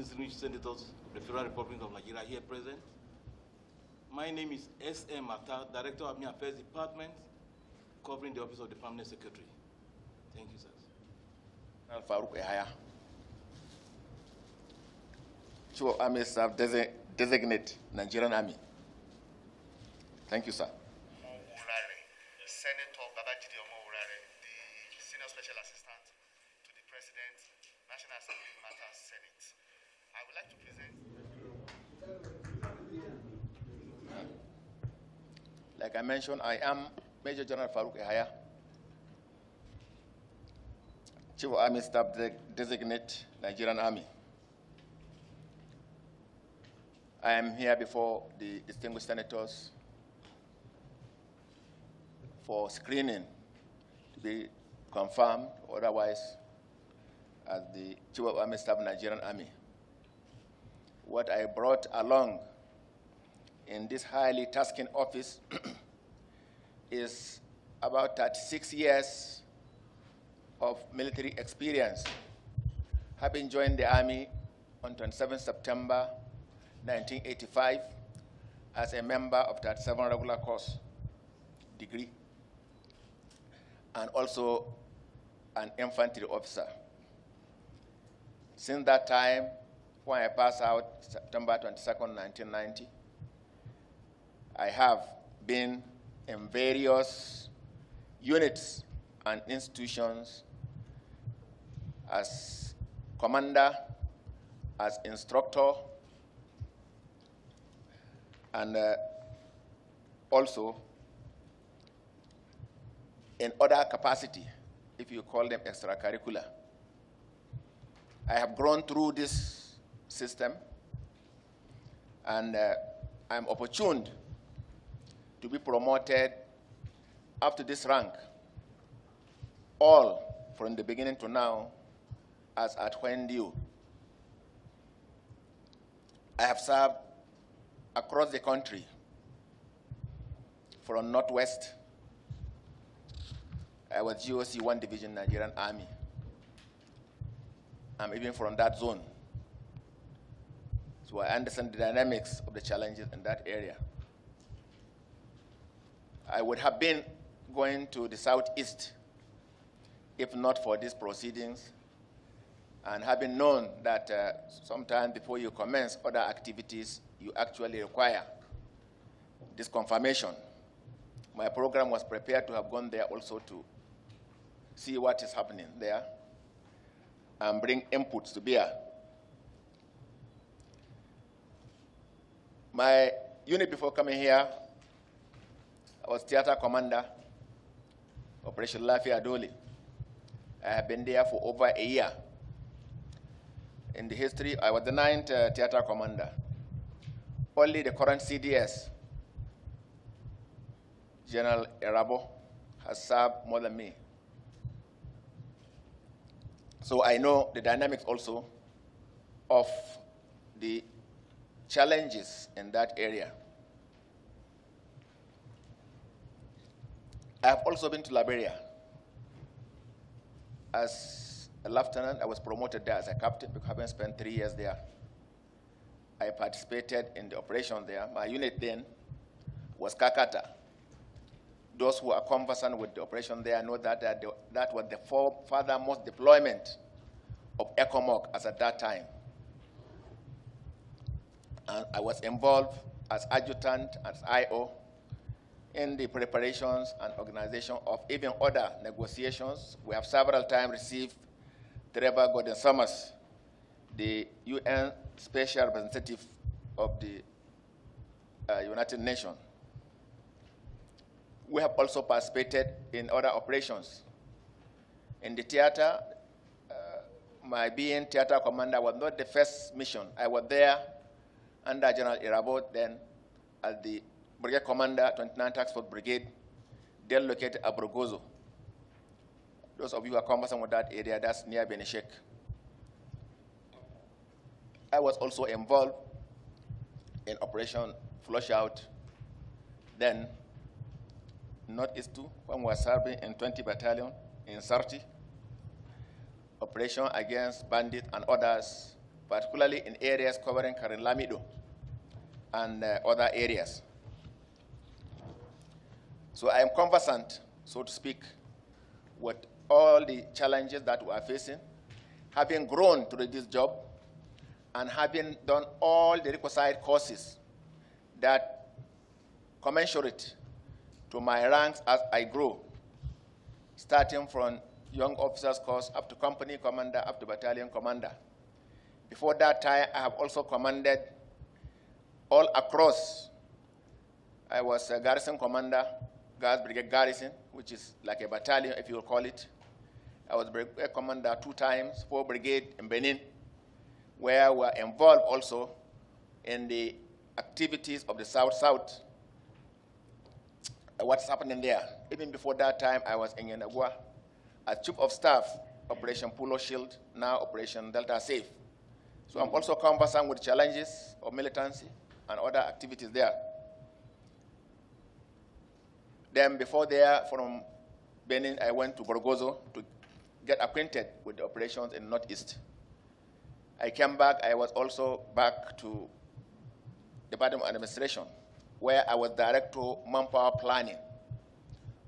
distinguished senators of the Federal Republic of Nigeria here present. My name is S.M. Atta, Director of the Affairs Department, covering the Office of the Permanent Secretary. Thank you, sir. And Army Staff Designate, Nigerian Army. Thank you, sir. Senator Babajide the Senior Special Assistant to the President, National Assembly Matters Senate. I would like to present. Like I mentioned, I am Major General Farouk Ehaya, Chief of Army Staff Designate, Nigerian Army. I am here before the distinguished senators for screening to be confirmed, otherwise, as the Chief of Army Staff Nigerian Army what I brought along in this highly tasking office is about 36 years of military experience, having joined the Army on 27 September 1985 as a member of that 7 regular course degree and also an infantry officer. Since that time, when I passed out September twenty second, 1990, I have been in various units and institutions as commander, as instructor, and uh, also in other capacity, if you call them extracurricular. I have grown through this system, and uh, I'm opportuned to be promoted up to this rank, all from the beginning to now, as at you, I have served across the country, from Northwest, I was GOC 1 Division Nigerian Army. I'm even from that zone. So I uh, understand the dynamics of the challenges in that area. I would have been going to the southeast if not for these proceedings and having known that uh, sometime before you commence other activities, you actually require this confirmation. My program was prepared to have gone there also to see what is happening there and bring inputs to bear My unit before coming here, I was theater commander, Operation Lafayette Adoli. I have been there for over a year. In the history, I was the ninth uh, theater commander. Only the current CDS, General Erabo, has served more than me. So I know the dynamics also of the challenges in that area. I have also been to Liberia. As a lieutenant, I was promoted there as a captain because I spent three years there. I participated in the operation there. My unit then was Kakata. Those who are conversant with the operation there know that that, that was the furthermost deployment of ECOMOC as at that time. And I was involved as adjutant, as IO, in the preparations and organization of even other negotiations. We have several times received Trevor Gordon Summers, the UN Special Representative of the uh, United Nations. We have also participated in other operations. In the theater, uh, my being theater commander was not the first mission. I was there under General Irabot then as the Brigade Commander, 29 Task Force Brigade, they located at Those of you who are conversant with that area, that's near Benishik. I was also involved in Operation Flush Out, then Northeast 2, when we were serving in 20 Battalion in Sarti, operation against bandits and others particularly in areas covering Karen Lamido and uh, other areas. So I am conversant, so to speak, with all the challenges that we are facing, having grown to this job, and having done all the requisite courses that commensurate to my ranks as I grow, starting from young officers course up to company commander, up to battalion commander. Before that time, I have also commanded all across. I was a garrison commander, Guards Brigade Garrison, which is like a battalion, if you will call it. I was a commander two times, four brigade in Benin, where we were involved also in the activities of the South South. Uh, what's happening there? Even before that time, I was in Yenagua as chief of staff, Operation Polo Shield, now Operation Delta Safe. So I'm also conversant with challenges of militancy and other activities there. Then before there, from Benin, I went to Borgozo to get acquainted with the operations in Northeast. I came back, I was also back to Department of Administration, where I was Director Manpower Planning.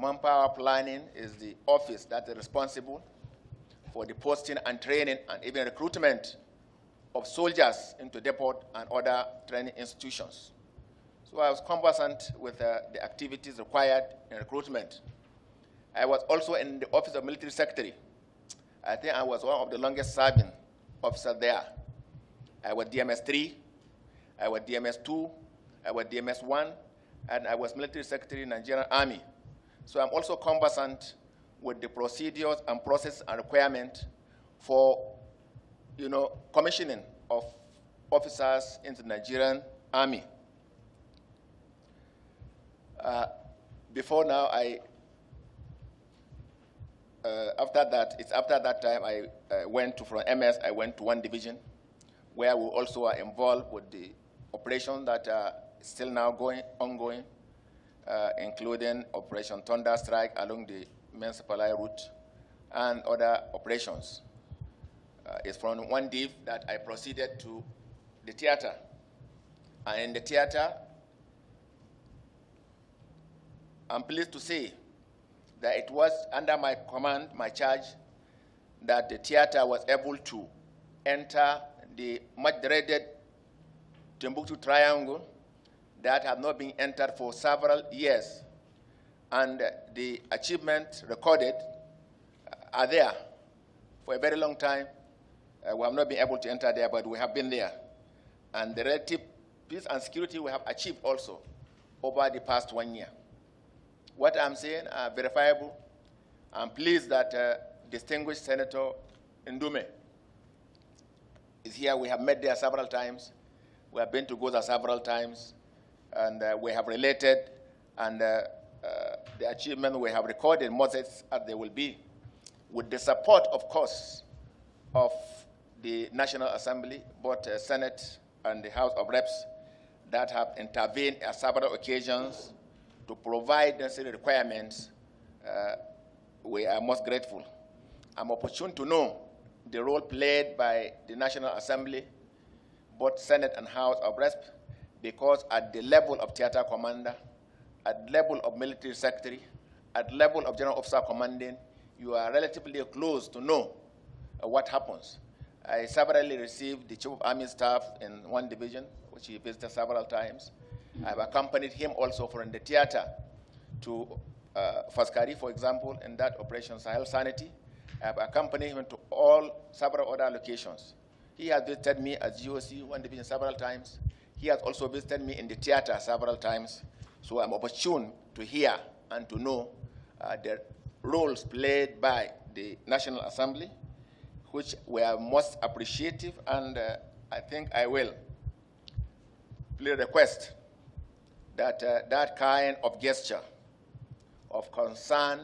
Manpower Planning is the office that is responsible for the posting and training and even recruitment of soldiers into depot and other training institutions. So I was conversant with uh, the activities required in recruitment. I was also in the office of military secretary. I think I was one of the longest serving officers there. I was DMS 3, I was DMS 2, I was DMS 1, and I was military secretary in Nigerian Army. So I'm also conversant with the procedures and process and requirement for you know, commissioning of officers into the Nigerian army. Uh, before now, I, uh, after that, it's after that time I uh, went to, from MS, I went to one division where we also are involved with the operation that are still now going, ongoing, uh, including Operation Thunder Strike along the main supply route and other operations uh, is from one div that I proceeded to the theater. And in the theater, I'm pleased to say that it was under my command, my charge, that the theater was able to enter the much dreaded Timbuktu Triangle that had not been entered for several years. And the achievements recorded are there for a very long time uh, we have not been able to enter there, but we have been there. And the relative peace and security we have achieved also over the past one year. What I'm saying are verifiable. I'm pleased that uh, distinguished Senator Ndume is here. We have met there several times. We have been to Goza several times. And uh, we have related and uh, uh, the achievement we have recorded, modest as they will be, with the support, of course, of the National Assembly, both the uh, Senate and the House of Reps, that have intervened on several occasions to provide necessary requirements, uh, we are most grateful. I'm opportune to know the role played by the National Assembly, both Senate and House of Reps, because at the level of theater commander, at level of military secretary, at level of general officer commanding, you are relatively close to know uh, what happens. I separately received the Chief of Army Staff in one division, which he visited several times. I've accompanied him also from the theater to uh, Faskari, for example, in that Operation Sahel Sanity. I've accompanied him to all several other locations. He has visited me as GOC one division several times. He has also visited me in the theater several times. So I'm opportune to hear and to know uh, the roles played by the National Assembly, which we are most appreciative, and uh, I think I will Please request that uh, that kind of gesture of concern,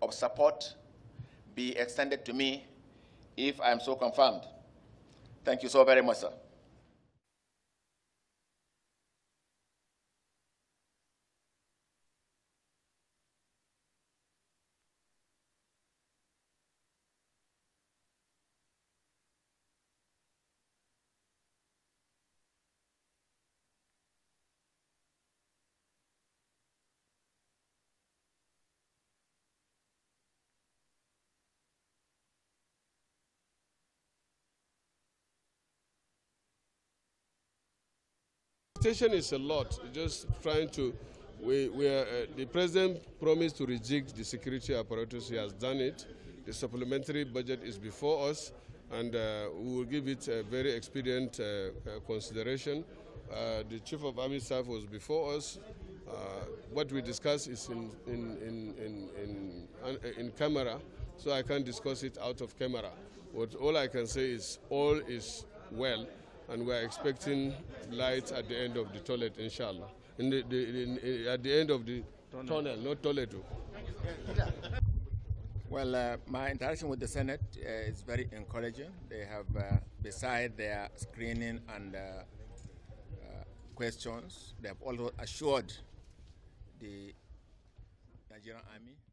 of support, be extended to me if I'm so confirmed. Thank you so very much, sir. expectation is a lot. Just trying to, we, we are, uh, the president promised to reject the security apparatus. He has done it. The supplementary budget is before us, and uh, we will give it a very expedient uh, uh consideration. Uh, the chief of army staff was before us. Uh, what we discuss is in in in in in, in camera, so I can't discuss it out of camera. What all I can say is all is well and we're expecting lights at the end of the toilet, inshallah. In the, the, in, in, at the end of the tunnel, tunnel not toilet. Oh. Well, uh, my interaction with the Senate uh, is very encouraging. They have, uh, beside their screening and uh, uh, questions, they have also assured the Nigerian army